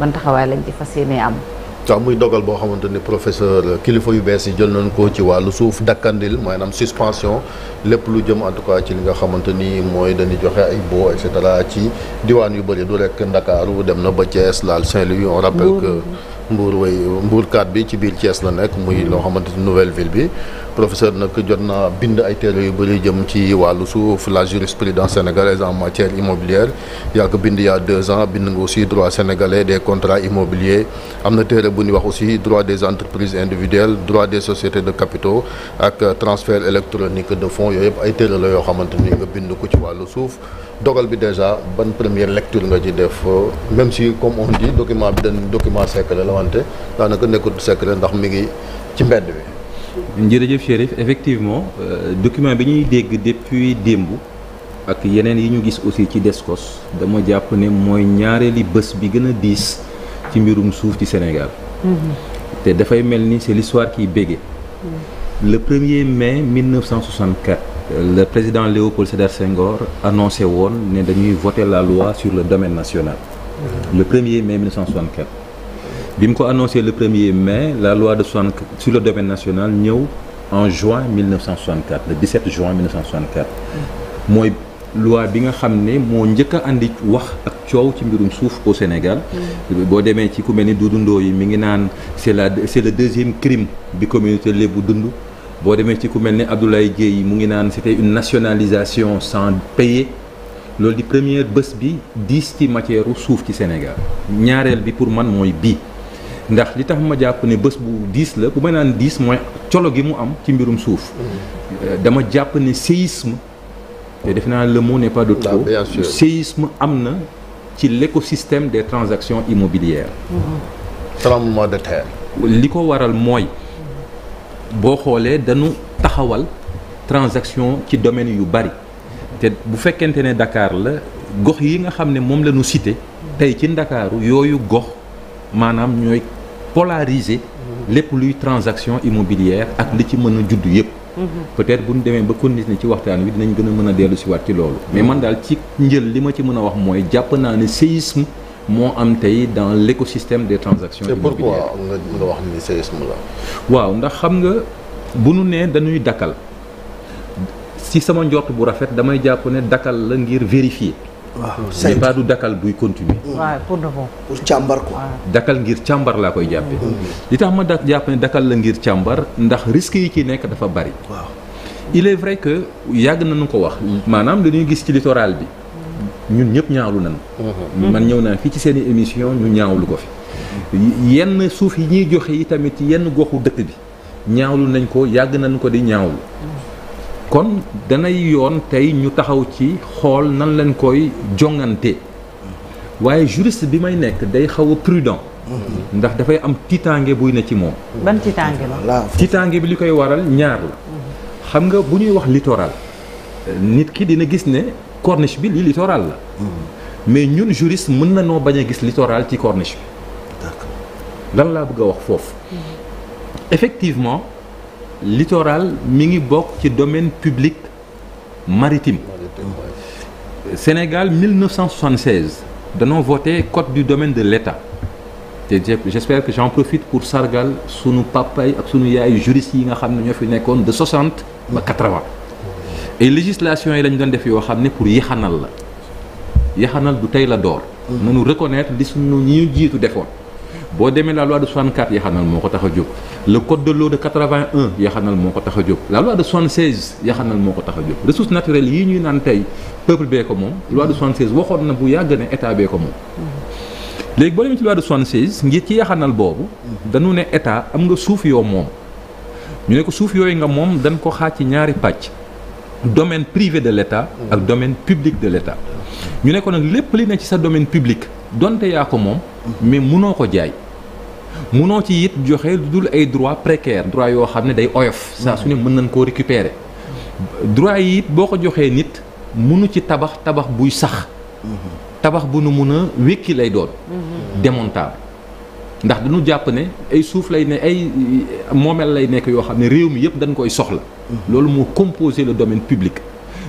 ban taxawaay lañ ci fas yéenee am. waaw muy dogal boo xamante ni professeur kilifa yu bees yi jël nañ ko ci wàllu suuf dakkandil maanaam suspension lépp lu jëm en tout cas ci li nga xamante ni mooy dañuy joxe ay boo et cetera ci diwaan yu bëri du rekk Ndakaaru dem na ba Thiès laal Saint-Louis on rappelle que. mbuur way mbuurkat bi ci biir cees la nekk muy loo xamante ni nouvelle ville bi professeur nag jot na bind ay téere yu bëri jëm ci wàllu suuf la jurisprudence sénégalaise en matière immobilière yaa ko bind yaa deux ans bind nga aussi droit sénégalais des contrats immobiliers am na téere bu ñuy wax aussi droit des entreprises individuelles droit des sociétés de capitaux ak transfert électronique de fonds yooyu yëpp ay téere la yoo xamante ni nga bind ko ci wàllu suuf dogal bi déjà ban première lecture nga ci def euh, même si comme on dit document bi dañ document secret la wante daanaka nekkut secret ndax mi ngi ci mbedd bi. jërëjëf Chérif effectivement euh, document bi ñuy dégg depuis démb ak yeneen yi ñu gis aussi ci Descos dama jàpp ne mooy ñaareeli bés bi gën a diis ci mbirum suuf ci Sénégal. Mhm. te dafay mel ni c'est l'histoire qui bégaie. Mhm. le 1er mai 1964. le président Léopold Sédar Senghor woon ne dañuy vote la loi sur le domaine national le 1er mai 1964 bi mu ko annoncé le 1er la loi de 64 sur le domaine national ñëw en juin 1964 le 17 juin 1964 mooy loi bi nga xam ne moo njëkk a andi wax ak coow ci mbirum suuf au Sénégal boo demee ci ku mel ni Doudou Ndoye yi mi ngi naan c'est la c'est le deuxième crime bi communauté lébu dund boo demee ci ku mel ne Abdoulaye Dieye mu ngi naan c'était une nationalisation sans payer loolu di première bës bi diis ci matière suuf ci Sénégal ñaareel bi pour man mooy bii ndax li tax ma jàpp ne bës bu diis la bu ma naan diis mooy colo gi mu am ci mbirum suuf euh, dama jàpp ne séisme te defe naa le mot n'est pas de trop ah, séisme am na ci l'écosystème des transactions immobilières tremblement de terre li ko waral mooy boo xoolee dañu taxawal transaction ci domaine yu bari te bu fekkente ne dakaar la gox yi nga xam ne moom lañu ñu tey ci Ndakaaru yooyu gox maanaam ñooy polariser lépp luy transaction immobilière ak li ci mën a judd yépp peut-être demee ba continuer ci waxtaan wi dinañ gën a mën a dellu si ci loolu mais man daal ci njël li ma ci mën a wax mooy jàpp naa ne séisme moo am tey dans l' écosystème des transactions immobilières nga wax ni séisme la waaw ndax xam nga bu nu nee dañuy dakkal si sama njort bu rafet damay jàpp ne dakkal la ngir vérifier waaw pas du dakkal buy continuer waaw mm. pour de bon pour càmbar ko dakkal ngir càmbar laa koy jàppee mm. li tax ma da jàpp ne dakkal la ngir càmbar ndax risques yi ci nekk dafa bari waaw il est vrai que yàgg nañu ko wax maanaam dañuy gis ci littoral bi ñun ñëpp ñaawlu nañ mm-hmm. man ñëw naa fii ci seen i émission ñu ñaawlu ko fi yenn suuf yi ñuy joxe yi tamit yenn goxu dëkk bi ñaawlu nañ ko yàgg nañ ko di ñaawlu kon danay yoon tey ñu taxaw ci xool nan lañ koy jongante waaye juriste bi may nekk day xaw a prudent mm-hmm. ndax dafay am tiitaange buy na ci moom ban tiitaange la tiitaange bi li koy waral ñaar la mm-hmm. xam nga bu ñuy wax littoral nit ki dina gis ne corniche bi lii littoral la. Hmm. mais ñun juriste mën na noo bañ a gis littoral ci corniche bi. d'accord laa bëgg a wax foofu. Hmm. effectivement littoral mi ngi bokk ci domaine public maritime. Mmh. Sénégal 1976 danoo voté code du domaine de l'État te j'espère que j'en profite pour sargal sunu papa yi ak sunu yaayu juriste yi nga xam ne ñoo fi nekkoon de 60 ba 80. ay législation yi lañu doon def yoo xam ne pour yaxanal la yaxanal du tey la door. Mm-hmm. nañu reconnaître li suñu ñi ñu jiitu defoon. boo demee la loi de 64 yaxanal moo ko tax a jóg le code de l'eau de 81 yaxanal moo ko tax a jóg la loi de 76 yaxanal moo ko tax a jóg ressources naturelles yii ñuy naan tey peuple bee ko moom loi de 76 waxoon na bu yàgg ne état bee ko moom. Mm-hmm. léegi boo demee ci loi de 76 ngir yaxanal boobu. Mm-hmm. dañu ne état am nga suuf yoo moom. ñu ne ko suuf yooyu nga moom dañ ko xaaj ci ñaari pàcc. domaine privé de l'État ak domaine public de l'État ñu ne ko nag lépp li ne ci sa domaine public donte yaa ko moom mais munoo ko jaay munoo ci it joxe lu dul ay droits précaires droits yoo xam ne day oyof saa su ne mën nañ koo récupérer droits yi it boo ko joxee nit munu ci tabax tabax buy sax tabax bu nu mun a wékki lay doon mhm. démontable ndax dañu jàpp ne ay suuf lay ne ay moomeel lay nekk yoo xam ne réew mi yëpp dañ koy soxla. Mhm. loolu moo composé la domaine public.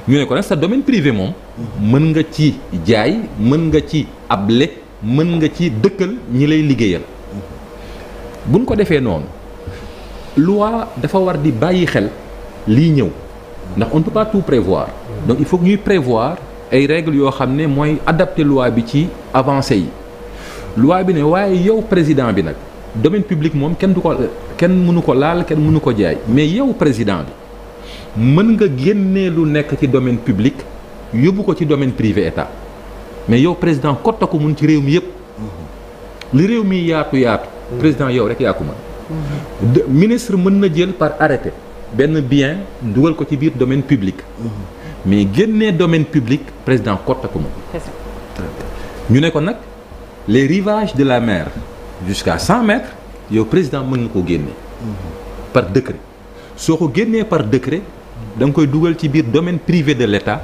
ñu ne ko nag sa domaine privé moom. Mhm. mën nga ci jaay mën nga ci ab able mën nga ci dëkkal ñi lay liggéeyal. Mhm. buñ ko defee noonu. loi dafa war di bàyyi xel lii ñëw ndax on ne peut pas tout prévoir. donc il faut que ñuy prévoir ay règles yoo xam ne mooy adapter loi bi ci avancé yi. loi bi ne waaye yow président bi nag domaine public moom kenn du ko kenn mënu ko laal kenn mënu ko jaay mais yow président bi mën nga génnee lu nekk ci domaine public yóbbu ko ci domaine privé état mais yow président kotta ko mun ci réew mi yëpp li réew mi yaatu yaatu président yow rek yaa ko mën ministre mën na jël par arrêté benn bien dugal ko ci biir domaine public mhm. mais génne domaine public président kotta ko mën ñu ne ko nag les rivages de la mer jusqu'à 100 mètres yow président mën nga ko génne par décret soo ko génnee par décret da nga koy dugal ci biir domaine privé de l'État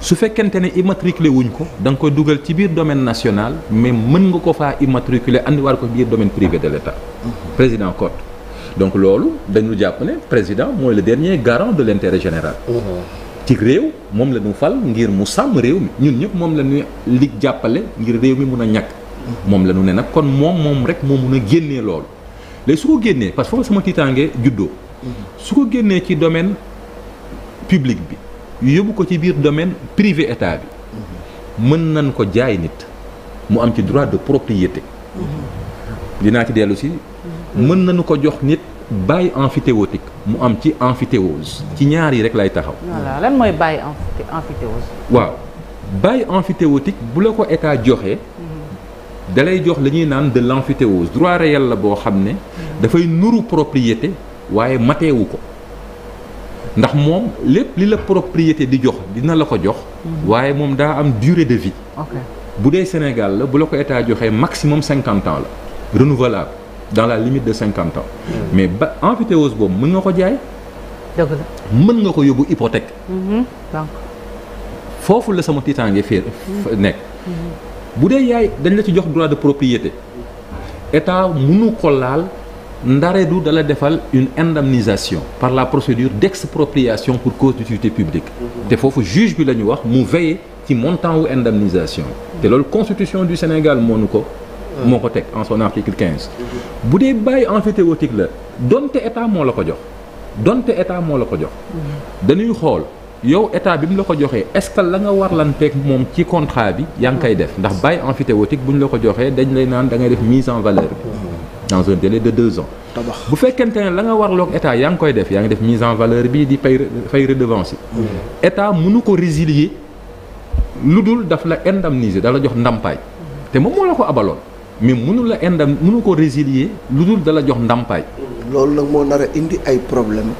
su fekkente ne immatriculé wuñ ko danga nga koy dugal ci biir domaine national mais mën nga ko faa immatriculé andiwaat ko biir domaine privé de l'État président Cotte donc loolu dañu jàpp ne président mooy le dernier garant de l'intérêt général mmh. ci réew moom la ñu fal ngir mu sàmm réew mi ñun ñëpp moom la ñu lig jàppale ngir réew mi mun a ñàkk moom la ñu ne nag kon moom moom rek moo mun a génnee loolu léegi su ko génnee parce que suma sama juddoo su ko génnee ci domaine public bi yóbbu ko ci biir domaine privé état bi mën nañ ko jaay nit mu am ci droit de propriété mhm. dinaa ci dellu mhm. mën nañu ko jox nit bail amphithéotique mu am ci amphithéose ci ñaar yi rek lay taxaw. voilà lan mooy bail amphithéose. waaw bail amphithéotique bu la ko état joxe. dalay jox la ñuy naan de l' amphithéose droit réel la boo xam ne. dafay nuru propriété waaye mateewu ko ndax moom lépp li la propriété di jox dina la ko jox. Mhm. waaye moom daa am durée de vie. bu dee Sénégal la bu la ko état joxee maximum cinquante ans la renouvelable. dans la limite de cinquante ans. mais ba emphytéose boobu mën nga ko jaay. mën nga ko yóbbu hypothèque. Mhm, donc foofu la sama tiitaange fii mhm. nekk. Mhm. bu dee yaay dañ la ci jox droit de propriété état mënu ko laal ndaredu dala defal une indemnisation par la procédure d'expropriation pour cause d'utilité publique. te foofu juge bi la ñu wax mu veiller ci montant wu indemnisation. te loolu constitution du Sénégal moo ko. Euh. moo ko teg en son article 15. bu dee bàyyi emphytéotique la donte état moo la ko jox donte état moo la ko jox. dañuy xool yow état bi mu la ko joxee est-ce la nga warlanteeg moom ci contrat bi yaa ngi koy def ndax bàyyi emphytéotique bu ñu la ko joxee dañ lay naan da ngay def mise en valeur bi. dans un délai de deux ans. bu fekkente ne la nga warloog état yaa ngi koy def yaa ngi def mise en valeur bi di fay fay redevance yi. Mm. état mënu ko résilier lu dul daf la indemniser dala jox ndàmpaay te moom mais mënu la indam mënu ko résilier lu dul dala jox ndàmpaay. loolu nag moo nar indi ay problème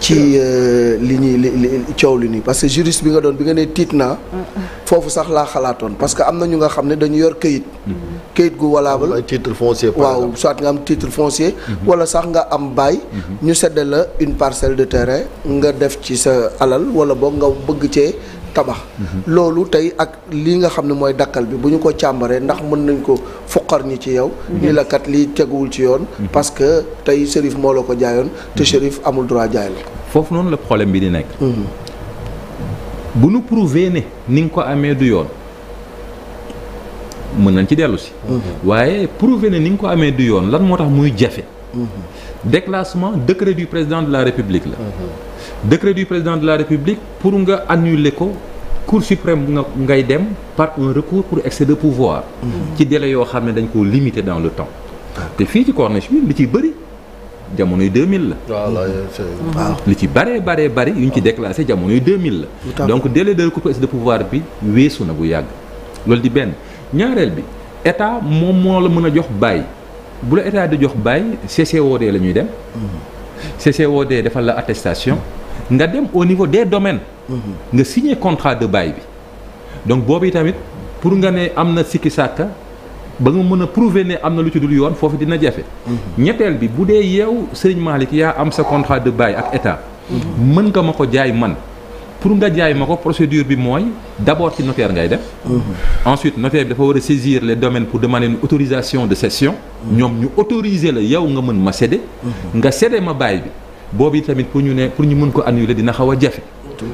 ci euh, li ñuy li coow li nii parce que juriste bi nga doon bi nga nee tiit naa. foofu sax laa xalaatoon parce que am na ñu nga xam ne dañu yor këyit. Mhm. këyit gu valable ay titre foncier waaw soit nga am titre foncier. Mhm. wala sax nga am bail. Mhm. ñu sedd la une parcelle de terrain nga def ci sa alal wala boog nga bëgg cee. tabax. loolu tey ak lii nga xam ne mooy dakkal bi bu ñu ko càmbaree ndax mën nañ ko fuqar ñi ci yow. Mm-hmm. ni la kat lii teguwul ci yoon. Mm-hmm. parce que tey shérif moo la ko jaayoon te shérif mm-hmm. amul droit jaay la foofu noonu la problème bi di nekk. bu nu prouver ne ni nga ko amee du yoon mën nañ ci dellu si. waaye prouver ni nga ko amee du yoon lan moo tax muy jafe. déclassement décret du la république la. décret la république pour nga annuler ko. cour suprême nga ngay dem par un recours pour excès de pouvoir. Mhm. ci délai yoo xam ne dañ koo limité dans le temps. Ah. te fii ci corniche bi li ci bëri jamonoy 2000 la. waaw mhm. mhm. li ci bëree bëree bari yu ñu ci ah. déclassé jamonoy 2000 la. donc délai de recours pour excès de pouvoir bi weesu na bu yàgg. loolu di benn ñaareel bi état moom moo la mën a jox bàyyi bu la état di jox bàyyi CCOD la ñuy dem. CCOD defal la attestation. nga dem au niveau des domaines. Mhm. nga signer contrat de bail bi. donc boobu tamit pour nga ne am na sikki sàkka ba nga mën a prouver am na lu ci yoon foofu dina jafe. Mhm. ñetteel bi bu dee yow Serigne Malick yaa am sa contrat de bail ak état. Mhm. mën nga ma ko jaay man. pour nga jaay ma ko procédure bi mooy d' abord ci notaire ngay def. ensuite notaire bi dafa war a saisir les domaines pour demander une autorisation de cession. ñoom ñu autoriser la yow nga mën ma céder. nga céder ma bail bi. boobu tamit pour ñu ne pour ñu mën ko annuler dina xaw a jafe.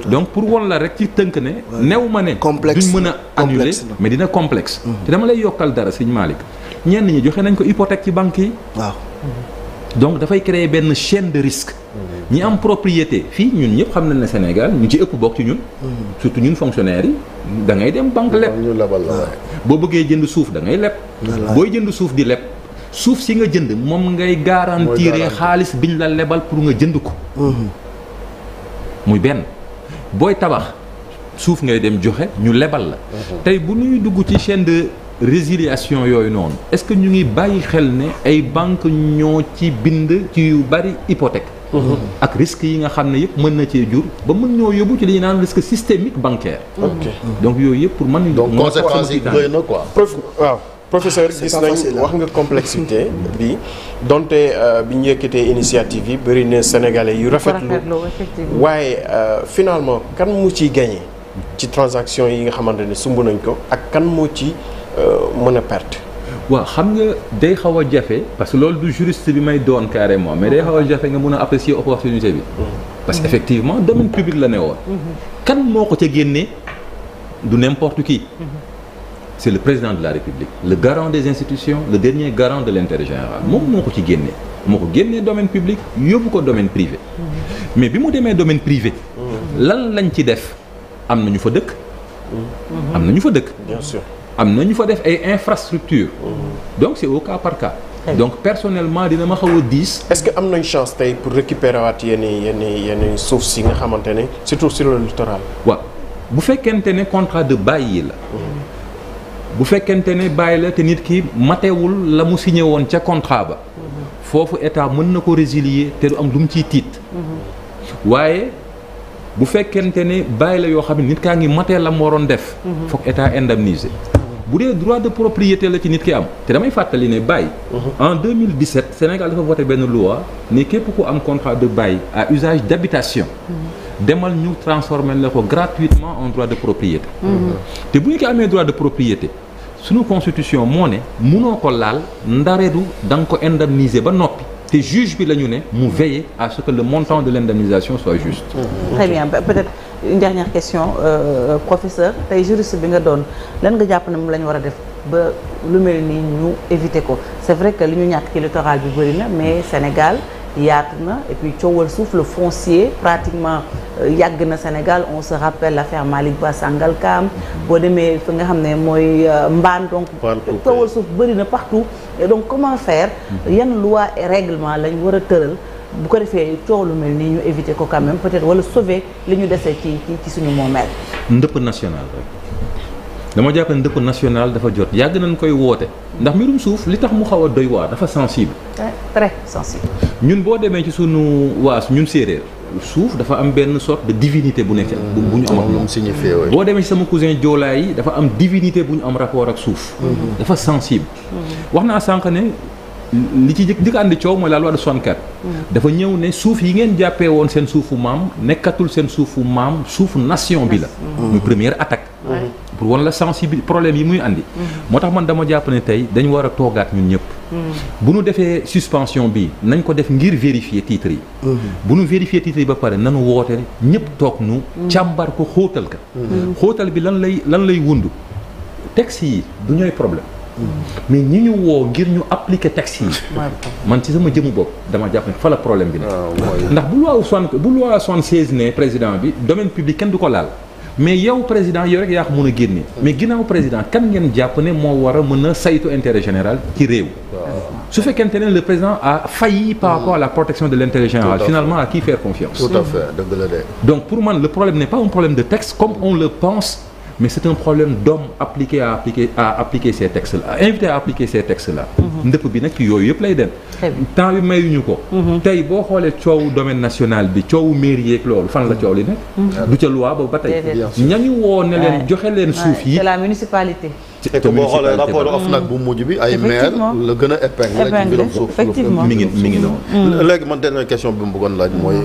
donc pour won la rek ci tënk ne. new ma ne. duñ mën a annuler mais dina complexe. te dama lay yokkal dara sëñ Malick ñenn ñi joxe nañ ko hypothèque ci banque yi. waaw donc dafay créer benn chaine de risque. ñi am propriété fii ñun ñëpp xam nañ ne Sénégal ñu ci ëpp bokk ci ñun. Mm-hmm. surtout ñun fonctionnaires yi dangay dem banque leb. boo bëggee jënd suuf da ngay leb. booy jënd suuf di leb. suuf si nga jënd moom ngay garantir xaalis bi ñu la lebal pour nga jënd ko mhm. muy benn booy tabax suuf ngay dem joxe ñu lebal la mhm. tey bu ñuy dugg ci chaîne de résiliation yooyu noonu est-ce que ñu ngi bàyyi xel ne ay banque ñoo ci bind ci yu bari hypothèque mhm. ak risques yi nga xam ne yëpp mën na cee jur ba mën ñoo yóbbu ci li ñu naan risque systémique bancaire donc yooyu yëpp pour mën donc conséquences yi bëri na quoi professeur gis nañ wax nga complexité bi donte euh, bi ñu yëkkatee initiative yi bëri na sénégalais yu rafetlu waaye euh, finalement kan mu ci gagné ci transaction yi nga xamante ne sumb nañ ko ak kan moo ci euh, mën a perte waaw xam nga day xaw a jafe parce que loolu du juriste bi may doon carrément mais day xaw a mm-hmm. jafe nga mën a apprécier opportunité bi mm-hmm. parce que effectivement domaine public la ne woon mm-hmm. kan moo ko ca génnee du n'importe qui c'est le président de la république le garant des institutions le dernier garant de l'intérêt général moom moo ko ci génnee moo ko génnee domaine public yóbbu ko domaine privé mais bi mu demee domaine privé lan lañ ci def am na ñu fa dëkk am na ñu fa dëkk bien am na ñu fa def ay infrastructures donc c'est au cas par cas hmm. donc personnellement dina ma xaw a diis. est-ce que am nañ chance tey pour récupérer waat yenn yenn yenn suuf si nga xamante ne surtout sur le littoral. waaw bu fekkente ne contrat de bail la. Hmm. bu fekkente ne bàyyi la te nit ki matewul la mu signé woon ca contrat ba foofu état mën na ko résilier te du am lu mu ciy tiit waaye bu fekkente ne bàyyi la yoo xam ne nit kaa ngi matee la mu waroon def foog état indemniser bu dee droit de propriété la ci nit ki am te damay fàttali ne bail en 2017 Sénégal dafa voté benn loi ne képp ku am contrat de bail à usage d'habitation demal ñu transformer na ko gratuitement en droit de propriété mm-hmm. te bu ñu ko amee droit de propriété suñu constitution moo ne munoo ko laal ndareedu da nga ko indemniser ba noppi te juge bi la ñu ne mu veiller à ce que le montant de l'indemnisation soit juste mm-hmm. très bien peut-être une dernière question euh, euh, professeur tey juriste bi nga doon lan nga jàpp ne moom la ñu war a def ba lu mel nii ñu éviter ko c'est vrai que li ñu ñàkk ci littoral bi bëri na mais Sénégal yaatu na et puis coowal suuf le foncier pratiquement euh, yàgg na Sénégal on se rappelle l'affaire Malick Ba sàngal kaam boo demee fi nga xam ne mooy euh, mbaan donc coowal suuf bëri na partout et donc comment faire mm-hmm. yan loi et règlement lañ war a tëral bu ko defee coow lu mel nii ñu éviter ko quand même peut-être wala sauver li ñu dese ci ci suñu moomeel ndëpp national rek dama jàpp ndëpp national dafa jot yàgg nañ koy woote ndax mbirum suuf li tax mu xaw a doy waa dafa sensible très sensible ñun boo demee ci sunu waas ñun séeréer suuf dafa am benn sot de divinité bu nekk bu bu ñu am signifié boo demee ci sama cousin joolaay yi dafa am divinité bu ñu am rapport ak suuf mhm. dafa sensible mhm. wax naa sànq ne li ci jëkk andi coow mooy la loi de 64 mhm. dafa ñëw ne suuf yi ngeen jàppee woon seen suufu maam nekkatul seen suufu maam suufu nation bi la muy première attaque pour wan la sensibilité problème yi muy andi. Mhm. moo tax man dama jàpp ne tey dañu war a toogaat ñun ñëpp. Mhm. bu nu defee suspension bi nañ ko def ngir vérifier titres yi. Mhm. bu nu vérifier titres yi ba pare nanu woote ñëpp toog nu. càmbar ko xóotal ka xóotal bi lan lay lan lay wund texte yi du ñooy problème. mais ñu ñu woo ngir ñu appliquer texte yi. man ci sama jëmu bopp dama jàpp ne fa problème bi ne. Ah, ndax bu loi soixante bu loi soixante-seize ne président bi domaine public kenn du ko laal. mais yow président yow rek yaa ko mën a génne. mais ginnaaw président kan ngeen jàpp ne moo war a mën a saytu intérêt général ci réew. su fekkente ne le président a failli par mm. rapport à la protection de l' intérêt général. finalement à qui faire confiance. donc pour man le problème n' pas un problème de texte comme on le pense. mais c'est un problème d'homme appliqué à appliquer à appliquer ces textes là invité a appliquer ces textes là. Mhm. ndëpp bi nag ci yooyu yëpp lay dem. temps bi mayuñu ko. Mhm. tey boo xoolee coowu domaine national bi coowu mairie loolu fan la coow li nekk. Mhm. du ca loi ba ba tey. ñañu woo ne leen joxe leen suuf yi. ci te boo xoolee rapport OFNAC bu mujj bi ay maire la gën a épinglé effectivement mi ngi mi ngi noonu mm. léegi man dernière question bi mu bëggoon laaj mooy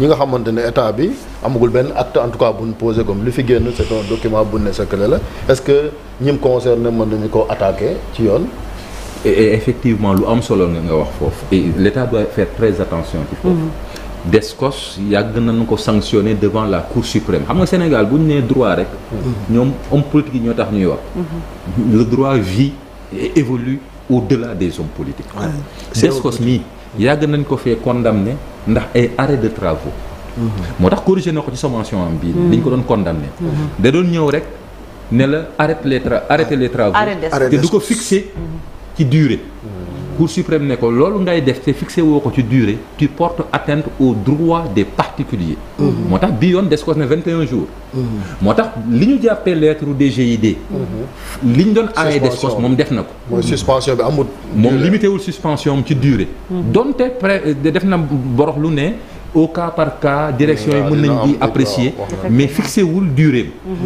ñi nga xamante ne état bi amagul benn at en tout cas buñ posé comme li fi génn c'est un document bu ne secret la est-ce que ñim concerné mën nañu ko attaqué ci yoon et effectivement lu am solo nga nga wax foofu et l'état doit faire très attention ci foofu mm. DSCOS yàgg na nañu ko sanctionné devant la cour suprême xam nga Sénégal bu ñu nee droit rek. ñoom homme politique yi ñoo tax ñuy wax. le droit vit et évolue au-delà des hommes politiques. DSCOS mii yàgg nañ ko fee condamné ndax ay arrêt de travaux. moo tax corrigé na ko ci sommation am bii. dañ ko doon condamné. da doon ñëw rek ne la arrête le tra arrêté les travaux. te du ko fixé ci durée. cour suprême ne ko loolu ngay def te fixé woo ko ci durée tu portes atteinte aux droits des particuliers mm-hmm. moo tax bii yoon des ko ne 21 jours mm-hmm. moo tax li ñu jàppee lettre DGID mm-hmm. li ñu doon awee des moom def na ko moom limité suspension ci durée donte pré euh, def na borox lu ne au cas par cas direction yi mën nañ di apprécier mais fixé wul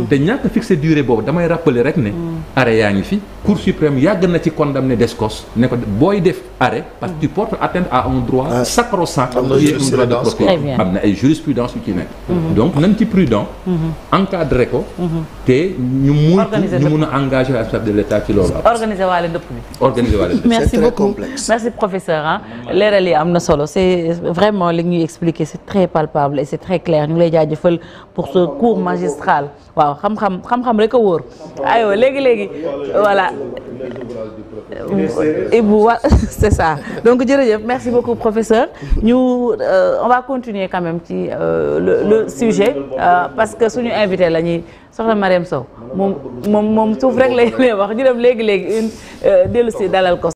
te ñàkk fixé durée boobu damay rappeler rek ne arrêt yaa ngi fi cour suprême yàgg na ci condamné Descos ne ko booy def arrêt parce que tu portes atteinte à un droit ah. sacro-saint qui est ci nekk mm-hmm. Mm-hmm. donc nañ ci prudent mm-hmm. encadré ko te ñu muy ñu mun a engagé responsable de l'État ci loolu organiser waale ndëpp bi organiser waale ndëpp merci merci professeur leeral yi am na solo c'est vraiment li ñuy expliquer c'est très palpable et c'est très clair ñu ngi lay jaajëfal pour ce cours magistral waaw xam-xam xam-xam rek a wóor Euh, Ibu wa c'est ça donc jërëjëf merci beaucoup professeur ñu euh, on va continuer ci euh, le le sujet parce que suñu invité la ñuy soxna Mariam Sow moom moom moom suuf rek lay wax ñu dem léegi léegi une dellu dalal ko.